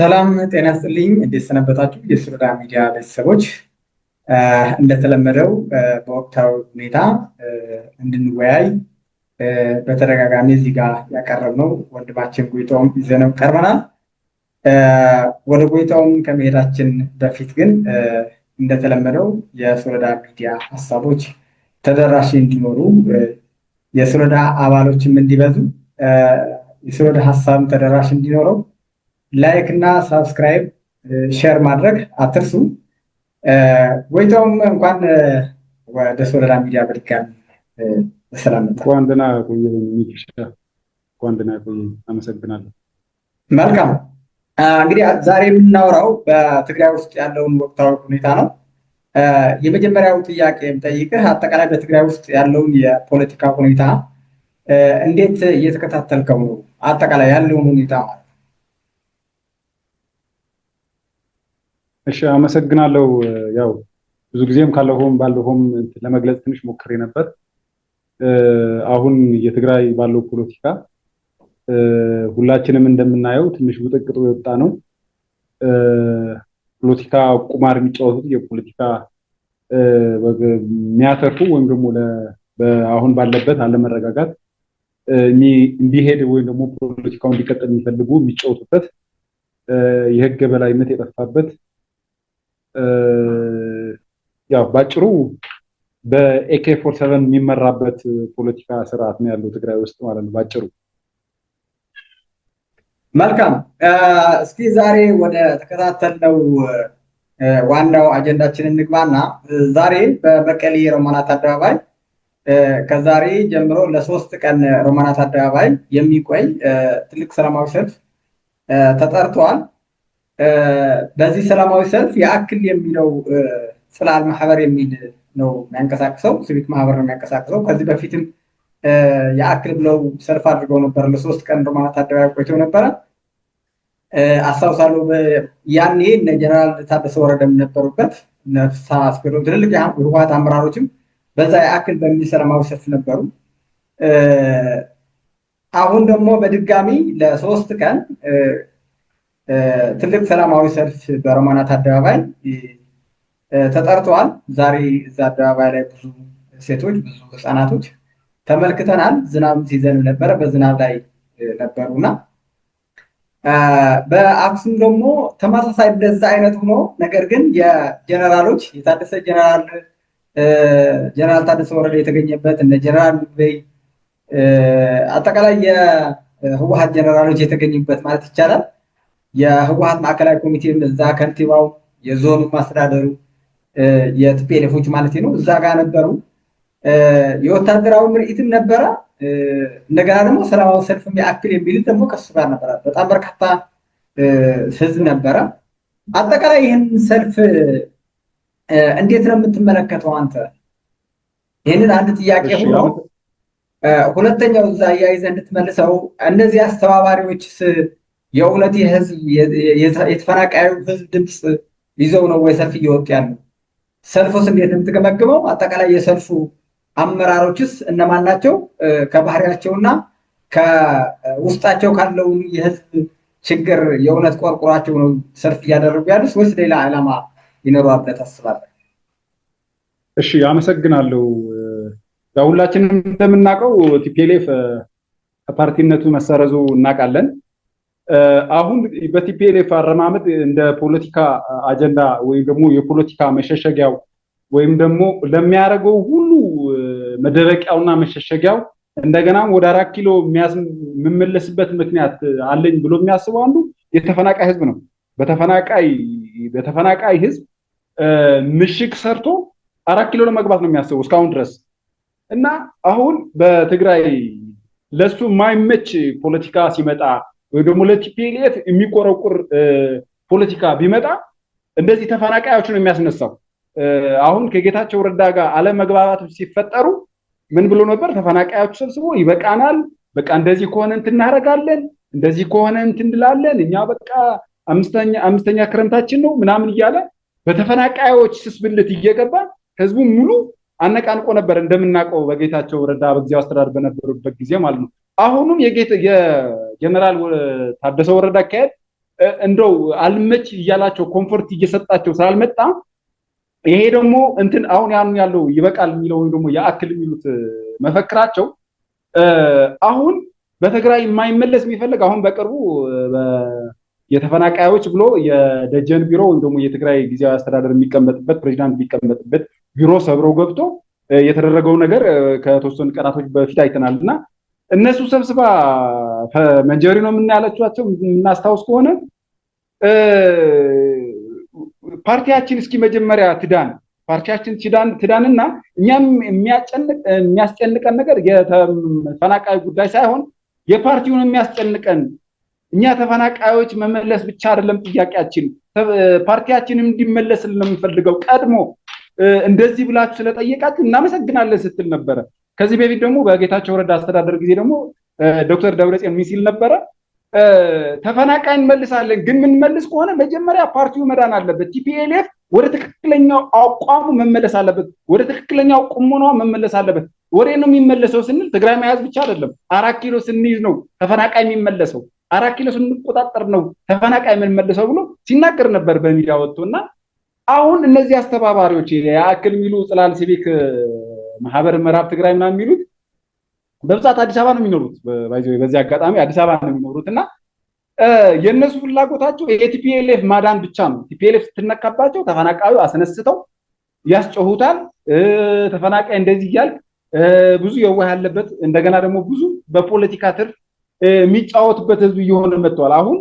ሰላም ጤና ስጥልኝ። እንዴት ሰነበታችሁ? ሚዲያ ቤተሰቦች እንደተለመደው በወቅታዊ ሁኔታ እንድንወያይ በተደጋጋሚ እዚህ ጋር ያቀረብነው ወንድማችን ጎይታውም ይዘነው ቀርበናል። ወደ ጎይታውም ከመሄዳችን በፊት ግን እንደተለመደው የሱሉዳ ሚዲያ ሀሳቦች ተደራሽ እንዲኖሩ የሱሉዳ አባሎችም እንዲበዙ የሱሉዳ ሀሳብ ተደራሽ እንዲኖረው ላይክ እና ሳብስክራይብ ሼር ማድረግ አትርሱ። ጎይታውም እንኳን ወደ ሶለዳ ሚዲያ በድጋሚ በሰላም እንኳን ደህና ቆየኝ እንኳን ደህና ቆየኝ። አመሰግናለሁ። መልካም እንግዲህ ዛሬ የምናወራው በትግራይ ውስጥ ያለውን ወቅታዊ ሁኔታ ነው። የመጀመሪያው ጥያቄ የምጠይቅህ አጠቃላይ በትግራይ ውስጥ ያለውን የፖለቲካ ሁኔታ እንዴት እየተከታተልከው ነው? አጠቃላይ ያለውን ሁኔታ ማለት እሺ አመሰግናለሁ። ያው ብዙ ጊዜም ካለሁም ባለሁም ለመግለጽ ትንሽ ሞክሬ ነበር። አሁን የትግራይ ባለው ፖለቲካ ሁላችንም እንደምናየው ትንሽ ውጥቅጡ የወጣ ነው። ፖለቲካ ቁማር የሚጫወቱት የፖለቲካ የሚያተርፉ ወይም ደግሞ አሁን ባለበት አለመረጋጋት እንዲሄድ ወይም ደግሞ ፖለቲካውን እንዲቀጥል የሚፈልጉ የሚጫወቱበት የህግ የበላይነት የጠፋበት ያው ባጭሩ በኤኬ ፎር ሰቨን የሚመራበት ፖለቲካ ስርዓት ነው ያለው ትግራይ ውስጥ ማለት ነው ባጭሩ። መልካም እስኪ ዛሬ ወደ ተከታተልነው ዋናው አጀንዳችንን እንግባና ዛሬ በመቀሌ ሮማናት አደባባይ ከዛሬ ጀምሮ ለሶስት ቀን ሮማናት አደባባይ የሚቆይ ትልቅ ሰላማዊ ሰልፍ ተጠርቷል። በዚህ ሰላማዊ ሰልፍ የአክል የሚለው ጽላል ማህበር የሚል ነው የሚያንቀሳቅሰው፣ ስቢክ ማህበር ነው የሚያንቀሳቅሰው። ከዚህ በፊትም የአክል ብለው ሰልፍ አድርገው ነበር። ለሶስት ቀን ሮማ አደባባይ ቆይተው ነበረ አስታውሳለሁ። ያኔ እነ ጀነራል ታደሰ ወረደ የሚነበሩበት ነፍሳ አስገዶ ትልልቅ የህወሓት አመራሮችም በዛ የአክል በሚል ሰላማዊ ሰልፍ ነበሩ። አሁን ደግሞ በድጋሚ ለሶስት ቀን ትልቅ ሰላማዊ ሰልፍ በሮማናት አደባባይ ተጠርተዋል። ዛሬ እዛ አደባባይ ላይ ብዙ ሴቶች፣ ብዙ ህፃናቶች ተመልክተናል። ዝናብ ሲዘንብ ነበረ፣ በዝናብ ላይ ነበሩና በአክሱም ደግሞ ተመሳሳይ እንደዛ አይነት ሆኖ ነገር ግን የጀነራሎች የታደሰ ጀነራል ጀነራል ታደሰ ወረደ የተገኘበት እነ ጀነራል ምግበይ አጠቃላይ የህወሀት ጀነራሎች የተገኙበት ማለት ይቻላል የህወሀት ማዕከላዊ ኮሚቴ እዛ ከንቲባው፣ የዞኑ ማስተዳደሩ፣ የትፔሌፎች ማለት ነው እዛ ጋር ነበሩ። የወታደራዊ ምርኢትም ነበረ። እንደገና ደግሞ ሰላማዊ ሰልፍ የሚያክል የሚል ደግሞ ከሱ ጋር ነበረ። በጣም በርካታ ህዝብ ነበረ። አጠቃላይ ይህን ሰልፍ እንዴት ነው የምትመለከተው አንተ? ይህንን አንድ ጥያቄ ነው። ሁለተኛው እዛ እያይዘ እንድትመልሰው እነዚህ አስተባባሪዎችስ የእውነት የህዝብ የተፈናቃዩ ህዝብ ድምፅ ይዘው ነው ወይ ሰልፍ እየወጡ ያለ ሰልፉስ እንዴት የምትገመግመው? አጠቃላይ የሰልፉ አመራሮችስ እነማን ናቸው? ከባህሪያቸውና ከውስጣቸው ካለውን የህዝብ ችግር የእውነት ቆርቆሯቸው ነው ሰልፍ እያደረጉ ያሉት ወይስ ሌላ ዓላማ ይኖረዋል ብለህ ታስባለህ? እሺ አመሰግናለሁ። ሁላችንም እንደምናውቀው ቲፒኤልኤፍ ከፓርቲነቱ መሰረዙ እናውቃለን። አሁን በቲፒኤልኤፍ አረማመድ እንደ ፖለቲካ አጀንዳ ወይም ደግሞ የፖለቲካ መሸሸጊያው ወይም ደግሞ ለሚያደርገው ሁሉ መደበቂያውና መሸሸጊያው እንደገና ወደ አራት ኪሎ የምመለስበት ምክንያት አለኝ ብሎ የሚያስበው አንዱ የተፈናቃይ ህዝብ ነው። በተፈናቃይ በተፈናቃይ ህዝብ ምሽግ ሰርቶ አራት ኪሎ ለመግባት ነው የሚያስበው እስካሁን ድረስ እና አሁን በትግራይ ለሱ የማይመች ፖለቲካ ሲመጣ ወይ ደግሞ ለቲፒኤልኤፍ የሚቆረቁር ፖለቲካ ቢመጣ እንደዚህ ተፈናቃዮችን የሚያስነሳው አሁን ከጌታቸው ረዳ ጋር አለመግባባቶች ሲፈጠሩ ምን ብሎ ነበር? ተፈናቃዮች ሰብስቦ ይበቃናል፣ በቃ እንደዚህ ከሆነ እንትን እናደርጋለን፣ እንደዚህ ከሆነ እንትን እንላለን፣ እኛ በቃ አምስተኛ ክረምታችን ነው ምናምን እያለ በተፈናቃዮች ስስብልት እየገባ ህዝቡ ሙሉ አነቃንቆ ነበር እንደምናውቀው በጌታቸው ረዳ በጊዜው አስተዳደር በነበሩበት ጊዜ ማለት ነው። አሁኑም ጀነራል ታደሰ ወረዳ አካሄድ እንደው አልመች እያላቸው ኮምፎርት እየሰጣቸው ስላልመጣ ይሄ ደግሞ እንትን አሁን ያን ያለው ይበቃል የሚለው ወይም ደግሞ የአክል የሚሉት መፈክራቸው አሁን በትግራይ የማይመለስ የሚፈልግ አሁን በቅርቡ የተፈናቃዮች ብሎ የደጀን ቢሮ ወይም ደግሞ የትግራይ ጊዜያዊ አስተዳደር የሚቀመጥበት ፕሬዚዳንት የሚቀመጥበት ቢሮ ሰብሮ ገብቶ የተደረገው ነገር ከተወሰኑ ቀናቶች በፊት አይተናል እና እነሱ ሰብስባ መንጀሪ ነው የምናያለቻቸው። የምናስታውስ ከሆነ ፓርቲያችን እስኪ መጀመሪያ ትዳን ፓርቲያችን ትዳንና እኛም የሚያስጨንቀን ነገር የተፈናቃይ ጉዳይ ሳይሆን የፓርቲውን የሚያስጨንቀን እኛ ተፈናቃዮች መመለስ ብቻ አይደለም ጥያቄያችን፣ ፓርቲያችንም እንዲመለስልን ነው የምንፈልገው። ቀድሞ እንደዚህ ብላችሁ ስለጠየቃችሁ እናመሰግናለን ስትል ነበረ። ከዚህ በፊት ደግሞ በጌታቸው ረዳ አስተዳደር ጊዜ ደግሞ ዶክተር ደብረጽዮን ሚሲል ነበረ? ተፈናቃይ እንመልሳለን፣ ግን የምንመልስ ከሆነ መጀመሪያ ፓርቲው መዳን አለበት። ቲፒኤልኤፍ ወደ ትክክለኛው አቋሙ መመለስ አለበት፣ ወደ ትክክለኛው ቁመናው መመለስ አለበት። ወሬ ነው የሚመለሰው ስንል ትግራይ መያዝ ብቻ አይደለም። አራት ኪሎ ስንይዝ ነው ተፈናቃይ የሚመለሰው፣ አራት ኪሎ ስንቆጣጠር ነው ተፈናቃይ የምንመለሰው ብሎ ሲናገር ነበር በሚዲያ ወጥቶ እና አሁን እነዚህ አስተባባሪዎች የአክል የሚሉ ጽላል ሲቪክ ማህበር ምዕራብ ትግራይ ምናምን የሚሉት በብዛት አዲስ አበባ ነው የሚኖሩት። በዚህ አጋጣሚ አዲስ አበባ ነው የሚኖሩት እና የእነሱ ፍላጎታቸው የቲፒኤልኤፍ ማዳን ብቻ ነው። ቲፒኤልኤፍ ስትነካባቸው ተፈናቃዩ አስነስተው ያስጨሁታል። ተፈናቃይ እንደዚህ እያልክ ብዙ የዋህ ያለበት እንደገና ደግሞ ብዙ በፖለቲካ ትር የሚጫወትበት ህዝብ እየሆነ መጥቷል። አሁን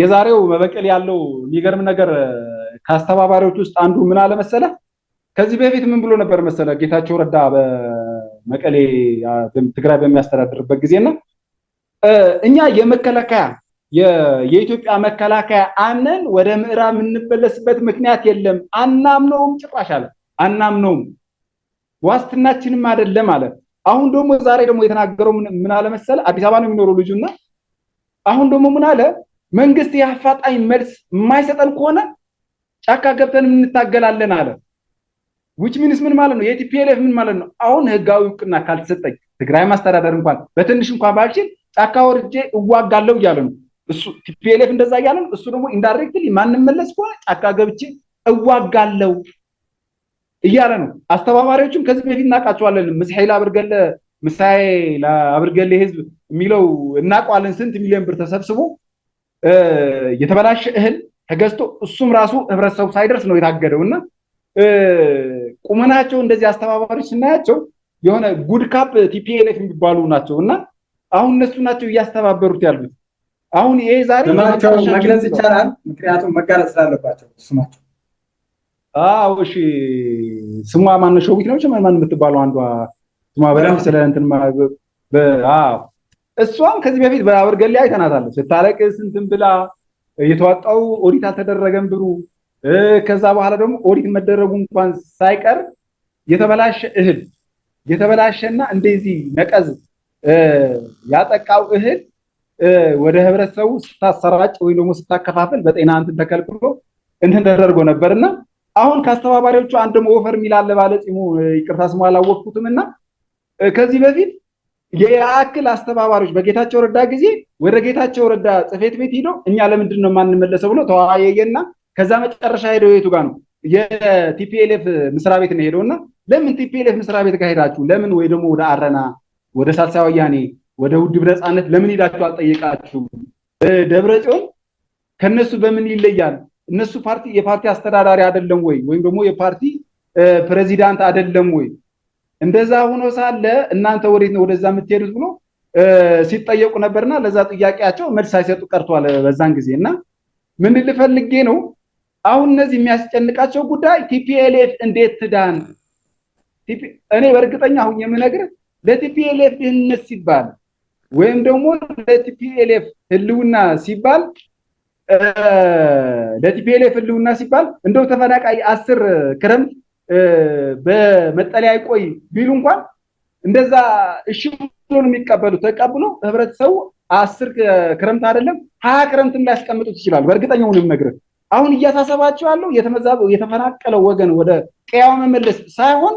የዛሬው መበቀል ያለው የሚገርም ነገር ከአስተባባሪዎች ውስጥ አንዱ ምን አለ መሰለህ ከዚህ በፊት ምን ብሎ ነበር መሰለ ጌታቸው ረዳ በመቀሌ ትግራይ በሚያስተዳድርበት ጊዜና እኛ የመከላከያ የኢትዮጵያ መከላከያ አምነን ወደ ምዕራብ የምንበለስበት ምክንያት የለም፣ አናምነውም፣ ጭራሽ አለ አናምነውም፣ ዋስትናችንም አይደለም አለ። አሁን ደግሞ ዛሬ ደግሞ የተናገረው ምን አለ መሰለ አዲስ አበባ ነው የሚኖረው ልጁና አሁን ደግሞ ምን አለ መንግስት የአፋጣኝ መልስ የማይሰጠን ከሆነ ጫካ ገብተን እንታገላለን አለ። ውጭ ሚኒስ ምን ማለት ነው? የቲፒኤልኤፍ ምን ማለት ነው? አሁን ህጋዊ እውቅና ካልተሰጠኝ ትግራይ ማስተዳደር እንኳን በትንሽ እንኳን ባልችል ጫካ ወርጄ እዋጋለሁ እያለ ነው እሱ። ቲፒኤልኤፍ እንደዛ እያለ ነው እሱ ደግሞ ኢንዳይሬክትሊ ማንመለስ ከሆነ ጫካ ገብቼ እዋጋለሁ እያለ ነው። አስተባባሪዎችም ከዚህ በፊት እናውቃቸዋለን። ምሳይ ላብርገለ ምሳይ ላብርገለ ህዝብ የሚለው እናውቀዋለን። ስንት ሚሊዮን ብር ተሰብስቦ የተበላሸ እህል ተገዝቶ እሱም ራሱ ህብረተሰቡ ሳይደርስ ነው የታገደው እና ቁመናቸው እንደዚህ አስተባባሪ ስናያቸው የሆነ ጉድካፕ ካፕ ቲፒኤልኤፍ የሚባሉ ናቸው እና አሁን እነሱ ናቸው እያስተባበሩት ያሉት። አሁን ይሄ ዛሬ መግለጽ ይቻላል፣ ምክንያቱም መጋለጽ ስላለባቸው ስማቸው። አዎ እሺ፣ ስሟ ማነው? ሸዊት ነው ማን የምትባለው አንዷ ስሟ በደንብ ስለ እንትን እሷም ከዚህ በፊት በአበርገሌ አይተናታለች ስታለቅ ስንትን ብላ የተዋጣው ኦዲት አልተደረገም ብሩ ከዛ በኋላ ደግሞ ኦዲት መደረጉ እንኳን ሳይቀር የተበላሸ እህል የተበላሸና እንደዚህ ነቀዝ ያጠቃው እህል ወደ ህብረተሰቡ ስታሰራጭ ወይም ደግሞ ስታከፋፍል በጤና እንትን ተከልክሎ እንትን ተደርጎ እና አሁን ከአስተባባሪዎቹ አንድ ደግሞ ወፈር የሚል አለ ባለጺሙ ይቅርታ ስሙ አላወቅኩትም እና ከዚህ በፊት የአክል አስተባባሪዎች በጌታቸው ረዳ ጊዜ ወደ ጌታቸው ረዳ ጽፌት ቤት ሂደው እኛ ለምንድን ነው የማንመለሰው ብሎ ተወያየና ከዛ መጨረሻ ሄደው የቱ ጋር ነው የቲፒኤልኤፍ ምስራ ቤት ነው ሄደውና ለምን ቲፒኤልኤፍ ምስራ ቤት ጋር ሄዳችሁ ለምን ወይ ደግሞ ወደ አረና ወደ ሳልሳይ ወያኔ ወደ ውድብ ነፃነት ለምን ሄዳችሁ አልጠየቃችሁም? ደብረ ጽዮን ከነሱ በምን ይለያል? እነሱ ፓርቲ የፓርቲ አስተዳዳሪ አይደለም ወይ ወይም ደግሞ የፓርቲ ፕሬዚዳንት አይደለም ወይ? እንደዛ ሆኖ ሳለ እናንተ ወዴት ነው ወደዛ የምትሄዱት ብሎ ሲጠየቁ ነበርና ለዛ ጥያቄያቸው መልስ ሳይሰጡ ቀርቷል በዛን ጊዜ እና ምን ልፈልጌ ነው አሁን እነዚህ የሚያስጨንቃቸው ጉዳይ ቲፒኤልኤፍ እንዴት ትዳን። እኔ በእርግጠኛ አሁን የምነግር ለቲፒኤልኤፍ ድህንነት ሲባል ወይም ደግሞ ለቲፒኤልኤፍ ህልውና ሲባል ለቲፒኤልኤፍ ህልውና ሲባል እንደው ተፈናቃይ አስር ክረምት በመጠለያ ይቆይ ቢሉ እንኳን እንደዛ እሺ ብሎ የሚቀበሉ ተቀብሎ ህብረተሰቡ አስር ክረምት አይደለም ሀያ ክረምትም ሊያስቀምጡት ይችላሉ። በእርግጠኛ ነው የምነግርህ አሁን እያሳሰባቸው ያለው የተመዛበው የተፈናቀለው ወገን ወደ ቀያው መመለስ ሳይሆን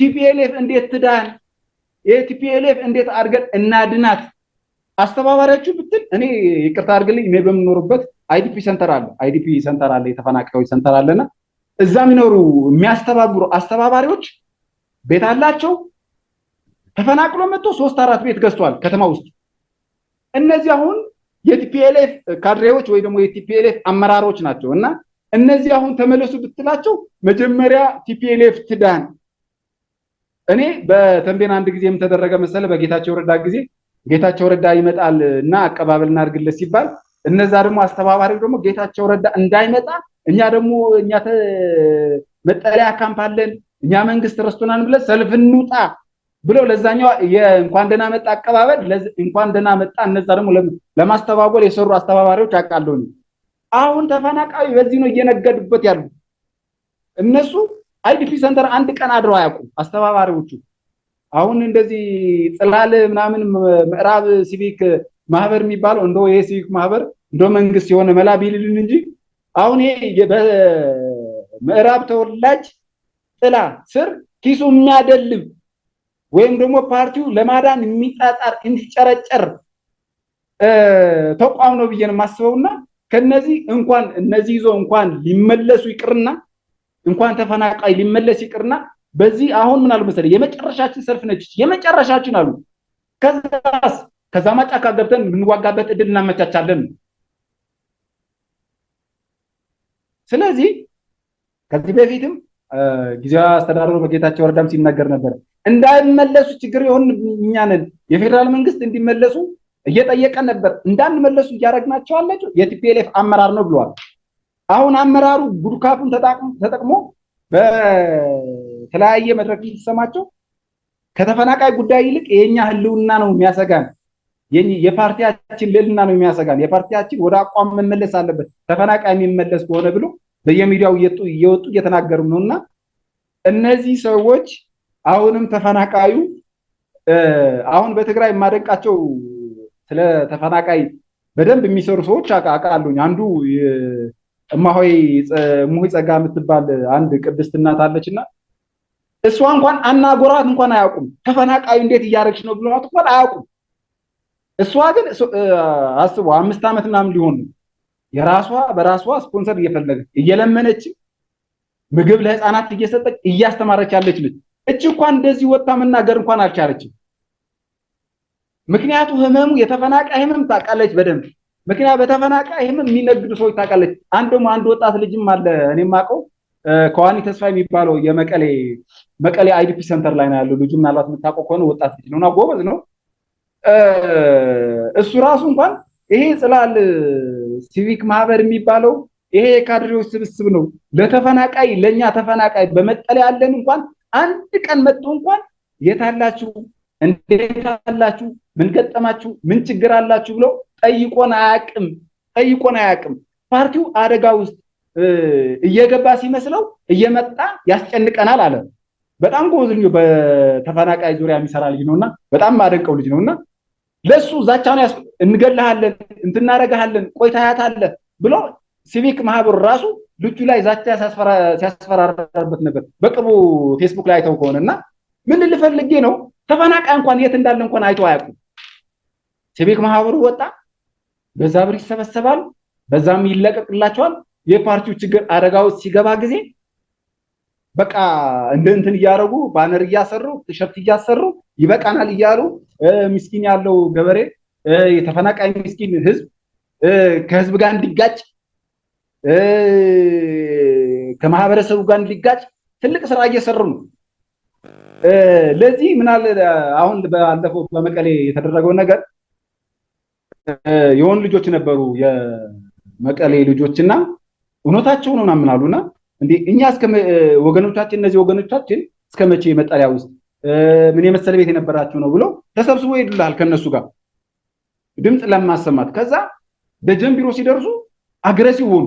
ቲፒኤልኤፍ እንዴት ትዳን፣ የቲፒኤልኤፍ እንዴት አድርገን እናድናት። አስተባባሪያችሁ ብትል እኔ ይቅርታ አድርግልኝ፣ እኔ በምኖርበት አይዲፒ ሰንተር አለ፣ አይዲፒ ሰንተር አለ፣ የተፈናቃዮች ሰንተር አለና እዛ የሚኖሩ የሚያስተባብሩ አስተባባሪዎች ቤት አላቸው። ተፈናቅሎ መጥቶ ሶስት አራት ቤት ገዝቷል ከተማ ውስጥ እነዚህ አሁን የቲፒኤልኤፍ ካድሬዎች ወይ ደግሞ የቲፒኤልኤፍ አመራሮች ናቸው እና እነዚህ አሁን ተመለሱ ብትላቸው መጀመሪያ ቲፒኤልኤፍ ትዳን። እኔ በተንቤን አንድ ጊዜ የምተደረገ መሰለ በጌታቸው ረዳ ጊዜ ጌታቸው ረዳ ይመጣል እና አቀባበል እናድርግለት ሲባል እነዛ ደግሞ አስተባባሪ ደግሞ ጌታቸው ረዳ እንዳይመጣ እኛ ደግሞ እኛ መጠለያ ካምፕ አለን እኛ መንግስት ረስቶናን ብለን ሰልፍ እንውጣ ብለው ለዛኛው የእንኳን ደህና መጣ አቀባበል እንኳን ደህና መጣ እነዛ ደግሞ ለማስተባበል የሰሩ አስተባባሪዎች አውቃለሁኝ። አሁን ተፈናቃዩ በዚህ ነው እየነገዱበት ያሉ እነሱ አይዲፒ ሰንተር አንድ ቀን አድረው አያውቁም አስተባባሪዎቹ። አሁን እንደዚህ ጽላል ምናምን ምዕራብ ሲቪክ ማህበር የሚባለው እንደ ይሄ ሲቪክ ማህበር እንደ መንግስት የሆነ መላ ቢልልን እንጂ አሁን ይሄ በምዕራብ ተወላጅ ጥላ ስር ኪሱ የሚያደልብ ወይም ደግሞ ፓርቲው ለማዳን የሚጣጣር እንዲጨረጨር ተቋም ነው ብዬ ነው የማስበውና ከነዚህ እንኳን እነዚህ ይዞ እንኳን ሊመለሱ ይቅርና እንኳን ተፈናቃይ ሊመለስ ይቅርና በዚህ አሁን ምን አሉ የመጨረሻችን ሰልፍ ነች የመጨረሻችን አሉ። ከዛስ ከዛማ ማጫካ ገብተን የምንዋጋበት እድል እናመቻቻለን። ስለዚህ ከዚህ በፊትም ጊዜያዊ አስተዳደሩ በጌታቸው ረዳም ሲናገር ነበር። እንዳይመለሱ ችግር የሆን እኛ ነን። የፌዴራል መንግስት እንዲመለሱ እየጠየቀ ነበር። እንዳንመለሱ እያደረግናቸው አለ። የቲፒኤልኤፍ አመራር ነው ብለዋል። አሁን አመራሩ ጉድካፉን ተጠቅሞ በተለያየ መድረክ ሲሰማቸው ከተፈናቃይ ጉዳይ ይልቅ የኛ ህልውና ነው የሚያሰጋን፣ የፓርቲያችን ልዕልና ነው የሚያሰጋን፣ የፓርቲያችን ወደ አቋም መመለስ አለበት ተፈናቃይ የሚመለስ ከሆነ ብሎ በየሚዲያው እየወጡ እየተናገሩ ነው እና እነዚህ ሰዎች አሁንም ተፈናቃዩ አሁን በትግራይ የማደንቃቸው ስለ ተፈናቃይ በደንብ የሚሰሩ ሰዎች አውቃለሁኝ። አንዱ እማሆይ ሙሁይ ጸጋ የምትባል አንድ ቅድስት እናት አለችና እሷ እንኳን አናጎራት እንኳን አያውቁም። ተፈናቃዩ እንዴት እያደረግች ነው ብለዋት እንኳን አያውቁም። እሷ ግን አስቡ አምስት ዓመት ምናምን ሊሆን ነው የራሷ በራሷ ስፖንሰር እየፈለገ እየለመነች ምግብ ለህፃናት እየሰጠች እያስተማረች ያለች ልጅ እች እንኳን እንደዚህ ወጣ መናገር እንኳን አልቻለችም። ምክንያቱ ህመሙ የተፈናቃይ ህመም ታውቃለች በደንብ ምክንያት በተፈናቃይ ህመም የሚነግዱ ሰዎች ታውቃለች። አንድ ደግሞ አንድ ወጣት ልጅም አለ እኔም አውቀው ከዋኒ ተስፋ የሚባለው የመቀሌ መቀሌ አይዲፒ ሰንተር ላይ ነው ያለው ልጁ። ምናልባት የምታውቀው ከሆነ ወጣት ልጅ ነውና ጎበዝ ነው። እሱ ራሱ እንኳን ይሄ ጽላል ሲቪክ ማህበር የሚባለው ይሄ የካድሬዎች ስብስብ ነው። ለተፈናቃይ ለእኛ ተፈናቃይ በመጠለያ ያለን እንኳን አንድ ቀን መጥቶ እንኳን የት አላችሁ፣ እንዴት አላችሁ፣ ምን ገጠማችሁ፣ ምን ችግር አላችሁ ብለው ጠይቆን አያቅም። ጠይቆን አያቅም። ፓርቲው አደጋ ውስጥ እየገባ ሲመስለው እየመጣ ያስጨንቀናል አለ። በጣም ጎበዝ በተፈናቃይ ዙሪያ የሚሰራ ልጅ ነውና በጣም ማደንቀው ልጅ ነውና ለሱ ዛቻ ነው እንገላሃለን፣ እንትናረጋሃለን፣ ቆይ ታያታለህ ብሎ ሲቪክ ማህበሩ ራሱ ልጁ ላይ ዛቻ ሲያስፈራራበት ነበር። በቅርቡ ፌስቡክ ላይ አይተው ከሆነ እና ምን ልፈልጌ ነው ተፈናቃይ እንኳን የት እንዳለ እንኳን አይቶ አያውቁም። ሲቪክ ማህበሩ ወጣ፣ በዛ ብር ይሰበሰባል በዛም ይለቀቅላቸዋል። የፓርቲው ችግር አደጋ ውስጥ ሲገባ ጊዜ በቃ እንደ እንትን እያደረጉ ባነር እያሰሩ ቲሸርት እያሰሩ ይበቃናል እያሉ ምስኪን ያለው ገበሬ የተፈናቃይ ምስኪን ህዝብ ከህዝብ ጋር እንዲጋጭ ከማህበረሰቡ ጋር እንዲጋጭ ትልቅ ስራ እየሰሩ ነው። ለዚህ ምናል አሁን ባለፈው በመቀሌ የተደረገው ነገር የሆኑ ልጆች ነበሩ የመቀሌ ልጆች እና እውነታቸው ነው ምናምን አሉና እንዴ እኛ እስከ ወገኖቻችን እነዚህ ወገኖቻችን እስከ መቼ መጠለያ ውስጥ ምን የመሰለ ቤት የነበራችሁ ነው ብሎ ተሰብስቦ ይሄዱልሃል ከነሱ ጋር ድምፅ ለማሰማት። ከዛ ቢሮ ሲደርሱ አግሬሲቭ ሆኑ።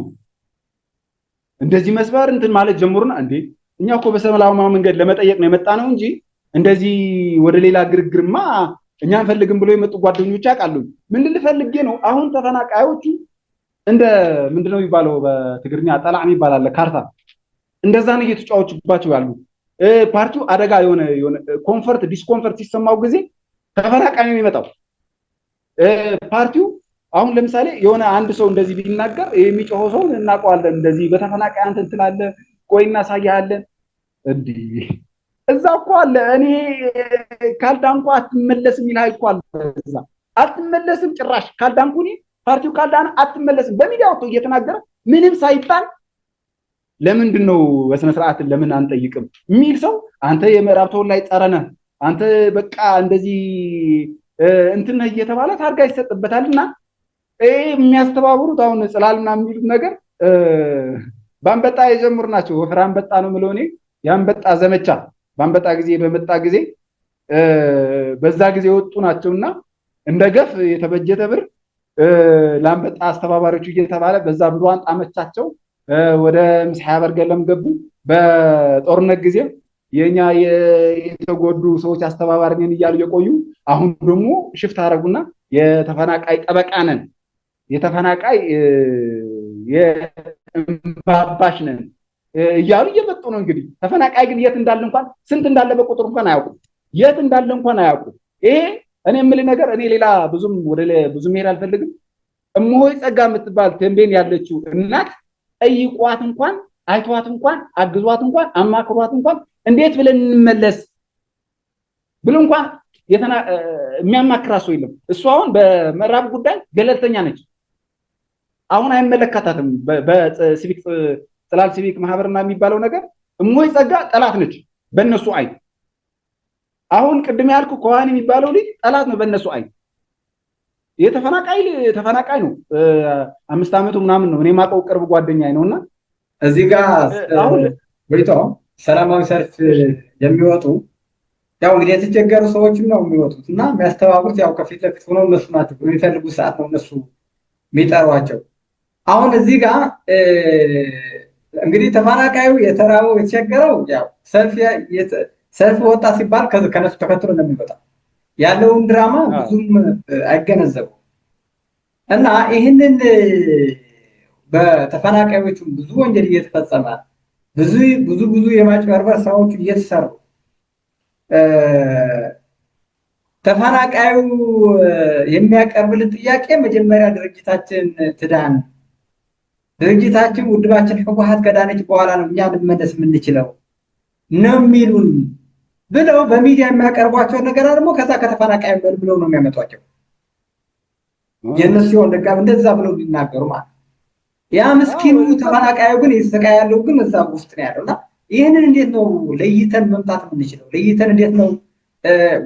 እንደዚህ መስበር እንትን ማለት ጀምሩና እንዴ እኛ እኮ በሰላማዊ መንገድ ለመጠየቅ ነው የመጣ ነው እንጂ እንደዚህ ወደ ሌላ ግርግርማ እኛ አንፈልግም ብሎ የመጡ ጓደኞች አውቃለሁ። ምን ልፈልጌ ነው አሁን ተፈናቃዮቹ እንደ ምንድነው የሚባለው በትግርኛ ጠላዕም ይባላል ካርታ እንደዛ ነው እየተጫወቹባቸው ያሉት። ፓርቲው አደጋ የሆነ ኮንፈርት ዲስኮንፈርት ሲሰማው ጊዜ ተፈናቃሚ የሚመጣው ፓርቲው አሁን ለምሳሌ የሆነ አንድ ሰው እንደዚህ ቢናገር የሚጮኸው ሰው እናውቀዋለን። እንደዚህ በተፈናቃይ አንተ እንትላለ ቆይ እናሳያለን። እንዲህ እዛ እኮ አለ እኔ ካልዳንኩ አትመለስም ይልሃ እኮ አለ። እዛ አትመለስም ጭራሽ ካልዳንኩ እኔ ፓርቲው ካልዳን አትመለስም በሚዲያ ወጥቶ እየተናገረ ምንም ሳይጣል ለምንድን ነው በስነ ስርዓት ለምን አንጠይቅም የሚል ሰው አንተ የምዕራብ ተወላጅ ጠረነ አንተ በቃ እንደዚህ እንትነ እየተባለ ታርጋ ይሰጥበታልና የሚያስተባብሩት አሁን ጽላልና የሚሉት ነገር በአንበጣ የጀምሩ ናቸው። ወፍር አንበጣ ነው ምለሆኔ የአንበጣ ዘመቻ በአንበጣ ጊዜ በመጣ ጊዜ በዛ ጊዜ የወጡ ናቸው እና እንደ ገፍ የተበጀተ ብር ለአንበጣ አስተባባሪዎቹ እየተባለ በዛ ብሎ ጣመቻቸው። ወደ ምስሐ በርገለም ገቡ። በጦርነት ጊዜ የኛ የተጎዱ ሰዎች አስተባባሪ ነን እያሉ የቆዩ አሁን ደግሞ ሽፍት አደረጉና የተፈናቃይ ጠበቃ ነን፣ የተፈናቃይ የእምባባሽ ነን እያሉ እየመጡ ነው። እንግዲህ ተፈናቃይ ግን የት እንዳለ እንኳን ስንት እንዳለ በቁጥር እንኳን አያውቁም። የት እንዳለ እንኳን አያውቁ ይሄ እኔ የምልህ ነገር እኔ ሌላ ብዙም ወደ ብዙ መሄድ አልፈልግም። እምሆይ ጸጋ የምትባል ተንቤን ያለችው እናት ጠይቋት እንኳን አይቷት እንኳን አግዟት እንኳን አማክሯት እንኳን እንዴት ብለን እንመለስ ብሎ እንኳን የሚያማክራት ሰው የለም። እሱ አሁን በምዕራብ ጉዳይ ገለልተኛ ነች። አሁን አይመለከታትም። በሲቪክ ሲቪክ ማህበርና የሚባለው ነገር እሞይ ጸጋ ጠላት ነች በእነሱ አይን። አሁን ቅድም ያልኩ ከዋን የሚባለው ልጅ ጠላት ነው በእነሱ አይን። ይህ ተፈናቃይ ተፈናቃይ ነው። አምስት ዓመቱ ምናምን ነው። እኔ የማውቀው ቅርብ ጓደኛ ነው እና እዚህ ጋር ብሪቶ ሰላማዊ ሰልፍ የሚወጡ ያው እንግዲህ የተቸገሩ ሰዎችም ነው የሚወጡት እና የሚያስተባብሩት ያው ከፊት ለፊት ሆነው እነሱ ናቸው። በሚፈልጉት ሰዓት ነው እነሱ የሚጠሯቸው። አሁን እዚህ ጋር እንግዲህ ተፈናቃዩ የተራበው የተቸገረው ሰልፍ ወጣ ሲባል ከነሱ ተከትሎ ነው የሚወጣው ያለውን ድራማ ብዙም አይገነዘቡ እና ይህንን በተፈናቃዮቹም ብዙ ወንጀል እየተፈጸመ ብዙ ብዙ ብዙ የማጭበርበር ስራዎች እየተሰሩ ተፈናቃዩ የሚያቀርብልን ጥያቄ መጀመሪያ ድርጅታችን ትዳን ድርጅታችን ውድባችን ህወሓት ከዳነች በኋላ ነው እኛ ልመለስ የምንችለው ነው የሚሉን ብለው በሚዲያ የሚያቀርቧቸው ነገር ደግሞ ከዛ ከተፈናቃይ በል ብለው ነው የሚያመጧቸው። የእነሱ ሲሆን ደጋ እንደዛ ብለው እንዲናገሩ ማለት ያ ምስኪኑ ተፈናቃዩ ግን የተሰቃ ያለው ግን እዛ ውስጥ ነው እና ይህንን እንዴት ነው ለይተን መምጣት የምንችለው? ለይተን እንዴት ነው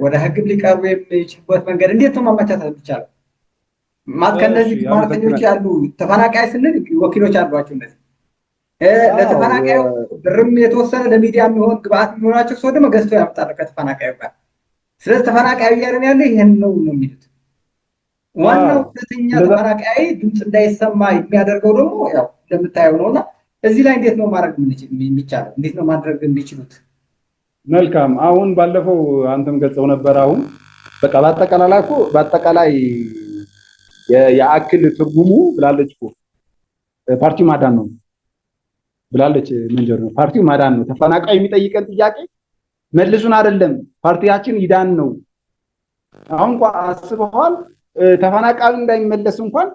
ወደ ህግም ሊቀርቡ የሚችልበት መንገድ እንዴት ነው ማመቻት የሚቻለው? ከእነዚህ ማርተኞች ያሉ ተፈናቃይ ስንል ወኪሎች አሏቸው እነዚህ ለተፈናቃዩ ብርም የተወሰነ ለሚዲያ የሚሆን ግብአት የሚሆናቸው ሰው ደግሞ ገዝቶ ያመጣል ከተፈናቃዩ ጋር። ስለዚህ ተፈናቃዩ እያለን ያለ ይህን ነው ነው የሚሉት። ዋናው ሁለተኛ ተፈናቃይ ድምፅ እንዳይሰማ የሚያደርገው ደግሞ ያው እንደምታየው ነውና እዚህ ላይ እንዴት ነው ማድረግ የሚቻለው? እንዴት ነው ማድረግ የሚችሉት? መልካም አሁን ባለፈው አንተም ገልጸው ነበር። አሁን በቃ በአጠቃላይ እኮ በአጠቃላይ የአክል ትርጉሙ ብላለች እኮ ፓርቲው ማዳን ነው ብላለች መንጀር ነው። ፓርቲው ማዳን ነው። ተፈናቃይ የሚጠይቀን ጥያቄ መልሱን አይደለም፣ ፓርቲያችን ይዳን ነው። አሁን እንኳ አስበዋል። ተፈናቃዩ እንዳይመለስ እንኳን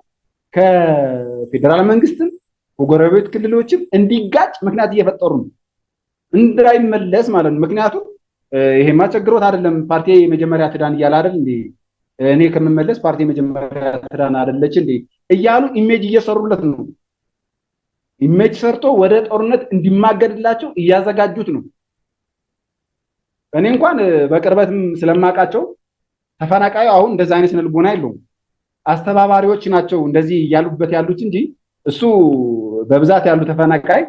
ከፌዴራል መንግስትም ከጎረቤት ክልሎችም እንዲጋጭ ምክንያት እየፈጠሩ ነው፣ እንዳይመለስ ማለት ነው። ምክንያቱም ይሄ ማቸግሮት አይደለም ፓርቲ የመጀመሪያ ትዳን እያለ አይደል እንዴ? እኔ ከምመለስ ፓርቲ የመጀመሪያ ትዳን አይደለች እንዴ? እያሉ ኢሜጅ እየሰሩለት ነው። ኢሜጅ ሰርቶ ወደ ጦርነት እንዲማገድላቸው እያዘጋጁት ነው። እኔ እንኳን በቅርበትም ስለማውቃቸው ተፈናቃዩ አሁን እንደዚህ አይነት ስነ ልቦና የለውም። አስተባባሪዎች ናቸው እንደዚህ እያሉበት ያሉት እንጂ እሱ በብዛት ያሉ ተፈናቃይ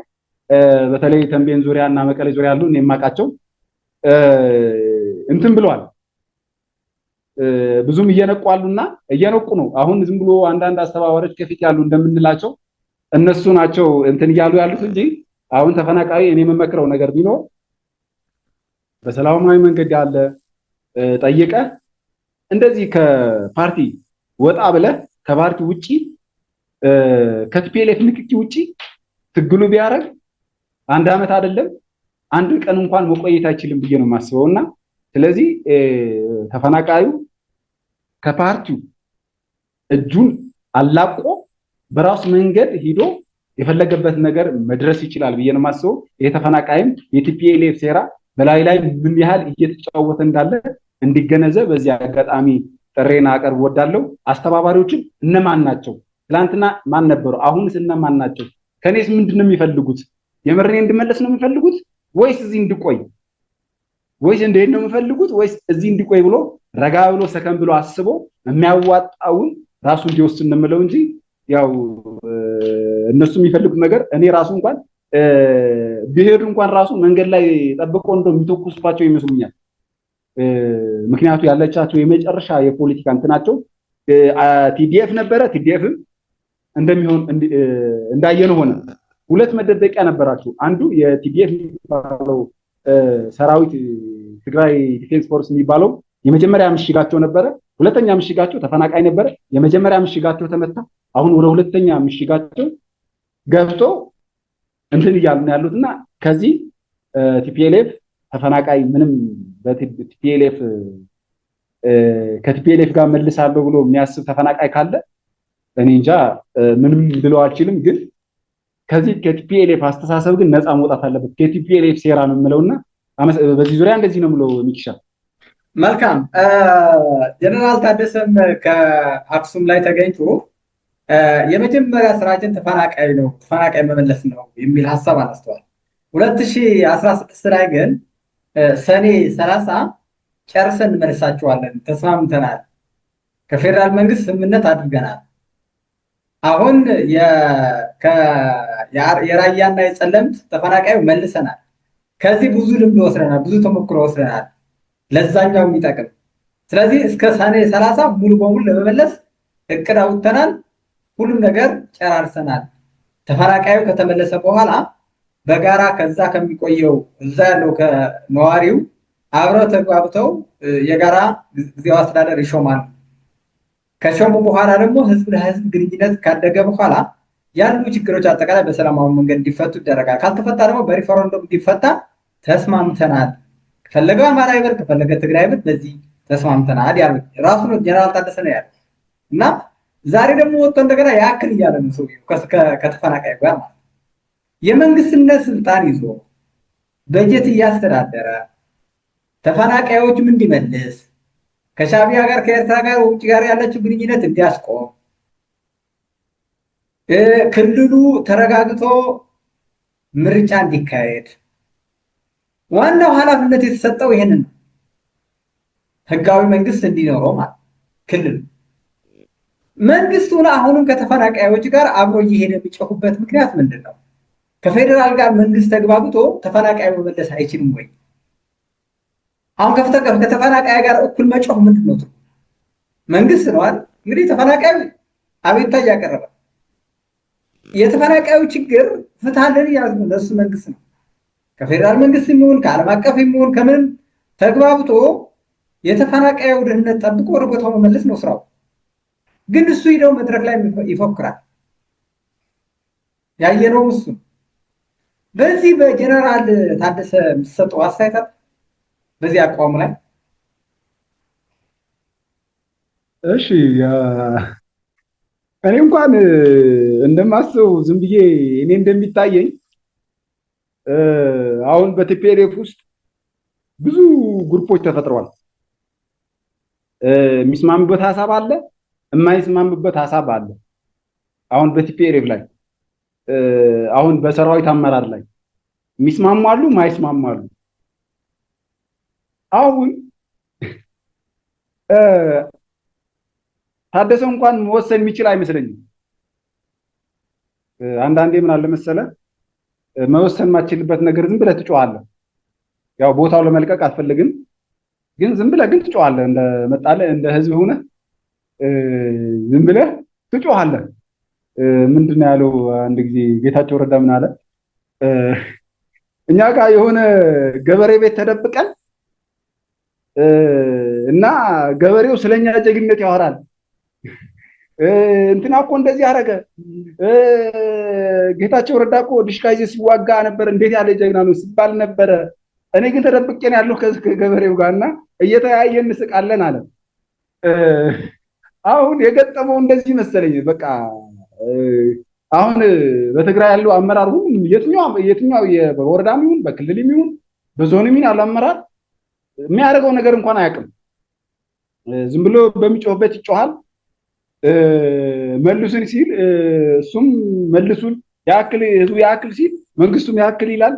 በተለይ ተንቤን ዙሪያ እና መቀሌ ዙሪያ ያሉ እኔ የማውቃቸው እንትን ብለዋል። ብዙም እየነቁ አሉና እየነቁ ነው። አሁን ዝም ብሎ አንዳንድ አስተባባሪዎች ከፊት ያሉ እንደምንላቸው እነሱ ናቸው እንትን እያሉ ያሉት እንጂ አሁን ተፈናቃይ እኔ የምመክረው ነገር ቢኖር በሰላማዊ መንገድ ያለ ጠይቀ እንደዚህ ከፓርቲ ወጣ ብለ ከፓርቲ ውጪ ከቲፒኤልኤፍ ንክኪ ውጪ ትግሉ ቢያደርግ አንድ አመት አይደለም አንድ ቀን እንኳን መቆየት አይችልም ብዬ ነው የማስበው። እና ስለዚህ ተፈናቃዩ ከፓርቲው እጁን አላቆ በራሱ መንገድ ሂዶ የፈለገበት ነገር መድረስ ይችላል ብዬ ነው የማስበው። የተፈናቃይም የቲፒኤልኤፍ ሴራ በላይ ላይ ምን ያህል እየተጫወተ እንዳለ እንዲገነዘብ በዚህ አጋጣሚ ጥሬን አቀርብ ወዳለው። አስተባባሪዎችም እነማን ናቸው? ትላንትና ማን ነበሩ? አሁንስ እነማን ናቸው? ከኔስ ምንድን ነው የሚፈልጉት? የምርኔ እንድመለስ ነው የሚፈልጉት ወይስ እዚህ እንድቆይ ወይስ እንደ ነው የሚፈልጉት? ወይስ እዚህ እንዲቆይ ብሎ ረጋ ብሎ ሰከን ብሎ አስቦ የሚያዋጣውን ራሱ እንዲወስድ እንምለው እንጂ ያው እነሱ የሚፈልጉት ነገር እኔ ራሱ እንኳን ቢሄዱ እንኳን ራሱ መንገድ ላይ ጠብቆ እንደው የሚተኩስባቸው ይመስሉኛል። ምክንያቱ ያለቻቸው የመጨረሻ የፖለቲካ እንትናቸው ቲዲኤፍ ነበረ። ቲዲኤፍም እንደሚሆን እንዳየነ ሆነ። ሁለት መደበቂያ ነበራቸው። አንዱ የቲዲኤፍ የሚባለው ሰራዊት ትግራይ ዲፌንስ ፎርስ የሚባለው የመጀመሪያ ምሽጋቸው ነበረ፣ ሁለተኛ ምሽጋቸው ተፈናቃይ ነበረ። የመጀመሪያ ምሽጋቸው ተመታ። አሁን ወደ ሁለተኛ ምሽጋቸው ገብቶ እንትን እያሉ ነው ያሉት እና ከዚህ ቲፒኤልኤፍ ተፈናቃይ ምንም በቲፒኤልኤፍ ከቲፒኤልኤፍ ጋር መልሳለሁ ብሎ የሚያስብ ተፈናቃይ ካለ እኔ እንጃ ምንም ብለው አልችልም። ግን ከዚህ ከቲፒኤልኤፍ አስተሳሰብ ግን ነፃ መውጣት አለበት። ከቲፒኤልኤፍ ሴራ ነው የምለውና በዚህ ዙሪያ እንደዚህ ነው የምለው ሚኪሻ መልካም ጀነራል ታደሰም ከአክሱም ላይ ተገኝቶ የመጀመሪያ ስራችን ተፈናቃይ ነው ተፈናቃይ መመለስ ነው የሚል ሀሳብ አነስተዋል። ሁለት ሺህ ላይ ግን ሰኔ ሰላሳ ጨርሰን እንመልሳቸዋለን ተስማምተናል፣ ከፌዴራል መንግስት ስምምነት አድርገናል። አሁን የራያና የጸለምት ተፈናቃዩ መልሰናል። ከዚህ ብዙ ልምድ ወስደናል፣ ብዙ ተሞክሮ ወስደናል። ለዛኛው የሚጠቅም ስለዚህ እስከ ሰኔ ሰላሳ ሙሉ በሙሉ ለመመለስ እቅድ አውጥተናል። ሁሉም ነገር ጨራርሰናል። ተፈናቃዩ ከተመለሰ በኋላ በጋራ ከዛ ከሚቆየው እዛ ያለው ከነዋሪው አብረው ተግባብተው የጋራ ጊዜው አስተዳደር ይሾማል። ከሾሙ በኋላ ደግሞ ህዝብ ለህዝብ ግንኙነት ካደገ በኋላ ያሉ ችግሮች አጠቃላይ በሰላማዊ መንገድ እንዲፈቱ ይደረጋል። ካልተፈታ ደግሞ በሪፈረንደም እንዲፈታ ተስማምተናል። ፈለገው አማራ ይበል ከፈለገ ትግራይ ይበል በዚህ ተስማምተናል ያሉ ራሱ ነው ጀነራል ታደሰ ነው ያለ እና ዛሬ ደግሞ ወጥቶ እንደገና ያክል እያለ ነው ሰውዬው ከተፈናቃይ ጋር ማለት የመንግስትነት ስልጣን ይዞ በጀት እያስተዳደረ ተፈናቃዮችም እንዲመልስ ከሻቢያ ጋር ከኤርትራ ጋር ውጭ ጋር ያለችው ግንኙነት እንዲያስቆም ክልሉ ተረጋግቶ ምርጫ እንዲካሄድ ዋናው ኃላፊነት የተሰጠው ይሄንን ነው። ህጋዊ መንግስት እንዲኖረው ማለት ክልል መንግስቱን አሁንም ከተፈናቃዮች ጋር አብሮ እየሄደ የሚጮሁበት ምክንያት ምንድን ነው? ከፌዴራል ጋር መንግስት ተግባብቶ ተፈናቃይ መመለስ አይችልም ወይ? አሁን ከተፈናቃይ ጋር እኩል መጮህ ምንድን ነው? መንግስት ነዋል እንግዲህ ተፈናቃዩ አቤቱታ እያቀረበ የተፈናቃዩ ችግር ፍትሐልን ያዝ ለሱ መንግስት ነው ከፌዴራል መንግስት የሚሆን ከዓለም አቀፍ የሚሆን ከምንም ተግባብቶ የተፈናቃዩ ደህንነት ጠብቆ ወደ ቦታው መመለስ ነው ስራው። ግን እሱ ሂደው መድረክ ላይ ይፎክራል። ያየነው እሱ በዚህ በጀነራል ታደሰ የምትሰጠው አስተያየት በዚህ አቋሙ ላይ እሺ እኔ እንኳን እንደማስበው ዝም ብዬ እኔ እንደሚታየኝ አሁን በቲፒኤልኤፍ ውስጥ ብዙ ግሩፖች ተፈጥረዋል። የሚስማምበት ሀሳብ አለ፣ የማይስማምበት ሀሳብ አለ። አሁን በቲፒኤልኤፍ ላይ አሁን በሰራዊት አመራር ላይ የሚስማማሉ፣ ማይስማማሉ አሁን ታደሰ እንኳን መወሰን የሚችል አይመስለኝም። አንዳንዴ ምን አለ መሰለህ መወሰን ማችልበት ነገር ዝም ብለህ ትጮኻለህ። ያው ቦታው ለመልቀቅ አትፈልግም፣ ግን ዝም ብለህ ግን ትጮዋለህ እንደመጣለህ እንደ ህዝብ ሆነ ዝም ብለህ ትጮኻለህ። ምንድን ነው ያለው? አንድ ጊዜ ጌታቸው ረዳ ምን አለ? እኛ ጋር የሆነ ገበሬ ቤት ተደብቀን እና ገበሬው ስለኛ ጀግነት ያወራል እንትና እኮ እንደዚህ አደረገ፣ ጌታቸው ረዳ እኮ ዲሽቃ ሲዋጋ ነበር፣ እንዴት ያለ ጀግና ነው ሲባል ነበረ። እኔ ግን ተደብቄን ያለሁ ከገበሬው ጋር እና እየተያየ እንስቃለን አለ። አሁን የገጠመው እንደዚህ መሰለኝ። በቃ አሁን በትግራይ ያለው አመራር ሁሉም የትኛው የትኛው በወረዳም ይሁን በክልልም ይሁን በዞንም ይሁን ያለው አመራር የሚያደርገው ነገር እንኳን አያውቅም። ዝም ብሎ በሚጮህበት ይጮሃል። መልሱን ሲል እሱም መልሱን ያክል ህዝቡ ያክል ሲል መንግስቱም ያክል ይላል፣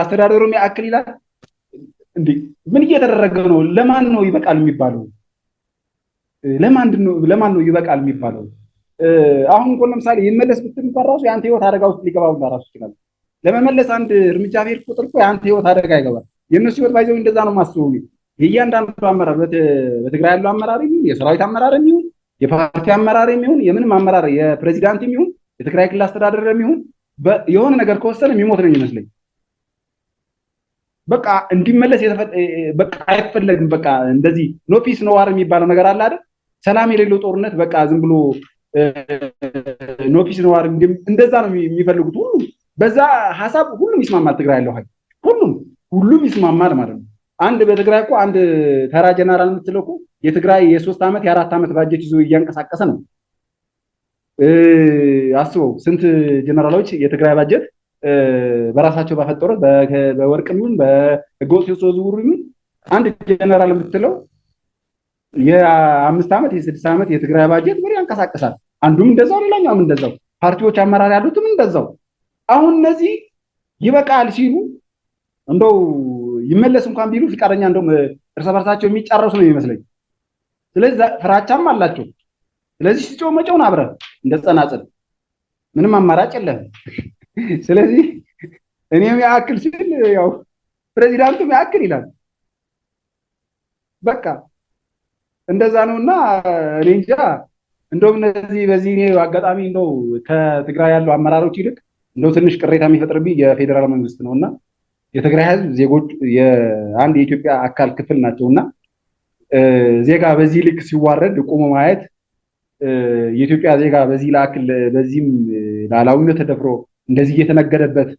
አስተዳደሩም ያክል ይላል። እንዴ ምን እየተደረገ ነው? ለማን ነው ይበቃል የሚባለው? ለማን ነው ይበቃል የሚባለው? አሁን እንኳን ለምሳሌ ይመለስ ብትንኳ ራሱ የአንተ ህይወት አደጋ ውስጥ ሊገባ ሁላ ራሱ ይችላል። ለመመለስ አንድ እርምጃ ብሄድ ቁጥር እኮ የአንተ ህይወት አደጋ ይገባል። የእነሱ ህይወት ባይዘው እንደዛ ነው ማስበው። እያንዳንዱ አመራር በትግራይ ያለው አመራር ይሁን የሰራዊት አመራር የሚሆን የፓርቲ አመራር የሚሆን የምንም አመራር የፕሬዚዳንት የሚሆን የትግራይ ክልል አስተዳደር የሚሆን የሆነ ነገር ከወሰነ የሚሞት ነው የሚመስለኝ። በቃ እንዲመለስ በቃ አይፈለግም። በቃ እንደዚህ ኖፒስ ኖዋር የሚባለው ነገር አለ አይደል? ሰላም የሌለው ጦርነት በቃ ዝም ብሎ ኖፒስ ነዋር እንደዛ ነው የሚፈልጉት። ሁሉም በዛ ሀሳብ ሁሉም ይስማማል። ትግራይ ያለው ሀይል ሁሉም ሁሉም ይስማማል ማለት ነው። አንድ በትግራይ እኮ አንድ ተራ ጀነራል የምትለው እኮ የትግራይ የሶስት ዓመት የአራት ዓመት ባጀት ይዞ እያንቀሳቀሰ ነው። አስበው ስንት ጀነራሎች የትግራይ ባጀት በራሳቸው ባፈጠሩት በወርቅም ይሁን በህገወጥ የሰው ዝውውር ይሁን አንድ ጀነራል የምትለው የአምስት ዓመት የስድስት ዓመት የትግራይ ባጀት ወዲያ ያንቀሳቀሳል። አንዱም እንደዛው፣ ሌላኛውም እንደዛው፣ ፓርቲዎች አመራር ያሉትም እንደዛው። አሁን እነዚህ ይበቃል ሲሉ እንደው ይመለስ እንኳን ቢሉ ፍቃደኛ እንደውም እርስ በርሳቸው የሚጫረሱ ነው የሚመስለኝ። ስለዚህ ፍራቻም አላቸው። ስለዚህ ሲጮ መጮህ አብረ አብረን እንደ ጸናጽል ምንም አማራጭ የለም። ስለዚህ እኔም ያክል ሲል ያው ፕሬዚዳንቱም ያክል ይላል። በቃ እንደዛ ነው እና እኔ እንጃ እንደውም እነዚህ በዚህ አጋጣሚ እንደው ከትግራይ ያለው አመራሮች ይልቅ እንደው ትንሽ ቅሬታ የሚፈጥርብኝ የፌዴራል መንግስት ነው እና የትግራይ ህዝብ ዜጎች የአንድ የኢትዮጵያ አካል ክፍል ናቸው እና ዜጋ በዚህ ልክ ሲዋረድ ቆሞ ማየት የኢትዮጵያ ዜጋ በዚህ ላክል በዚህም ላላዊነት ተደፍሮ እንደዚህ እየተነገደበት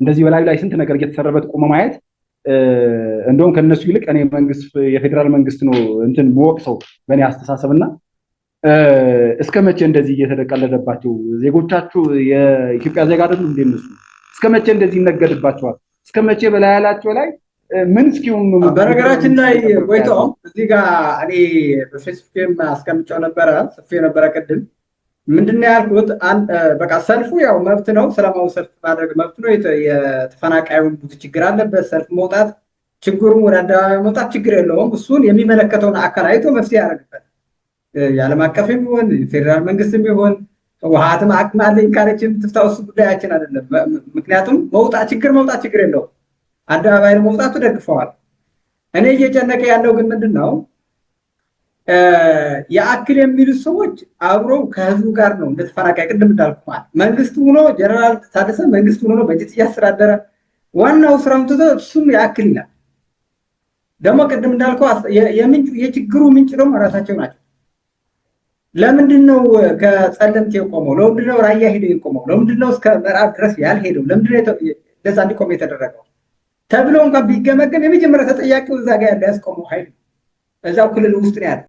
እንደዚህ በላዩ ላይ ስንት ነገር እየተሰረበት ቆሞ ማየት እንደውም ከነሱ ይልቅ እኔ መንግስት የፌዴራል መንግስት ነው እንትን ሰው በእኔ አስተሳሰብና እስከ መቼ እንደዚህ እየተደቀለደባቸው ዜጎቻችሁ የኢትዮጵያ ዜጋ አይደሉም እንደነሱ እስከ መቼ እንደዚህ ይነገድባቸዋል? እስከ መቼ በላያላቸው ላይ ምን እስኪሁም በነገራችን ላይ ወይቶ እዚህ ጋር እኔ በፌስቡክም አስቀምጫው ነበረ ጽፌ ነበረ ቅድም ምንድነው ያልኩት በቃ ሰልፉ ያው መብት ነው ሰላማዊ ሰልፍ ማድረግ መብት ነው የተፈናቃዩን ብዙ ችግር አለበት ሰልፍ መውጣት ችግሩ ወደ አደባባይ መውጣት ችግር የለውም እሱን የሚመለከተውን አካል አይቶ መፍትሄ ያደርግበት የዓለም አቀፍ ቢሆን ፌዴራል መንግስትም ቢሆን ህወሀትም አቅም አለኝ ካለችም የምትፍታው እሱ ጉዳያችን አይደለም ምክንያቱም መውጣት ችግር መውጣት ችግር የለውም አደባባይ መውጣቱ ደግፈዋል። እኔ እየጨነቀ ያለው ግን ምንድን ነው የአክል የሚሉት ሰዎች አብረው ከህዝቡ ጋር ነው እንደተፈናቃይ ቅድም እንዳልኩል መንግስት ሆኖ ጀነራል ታደሰ መንግስት ሆኖ ነው በጀት እያስተዳደረ ዋናው ስራም ትቶ እሱም የአክል ይላል። ደግሞ ቅድም እንዳልኩ የችግሩ ምንጭ ደግሞ ራሳቸው ናቸው። ለምንድን ነው ከጸለምት የቆመው? ለምንድን ነው ራያ ሄደው የቆመው? ለምንድን ነው እስከ ምዕራብ ድረስ ያልሄደው? ለምንድን ነው እንደዛ እንዲቆም የተደረገው? ተብሎ እንኳን ቢገመገም የመጀመሪያ ተጠያቂው እዛ ጋር ያለ ያስቆመው ኃይል እዛው ክልል ውስጥ ነው ያለ።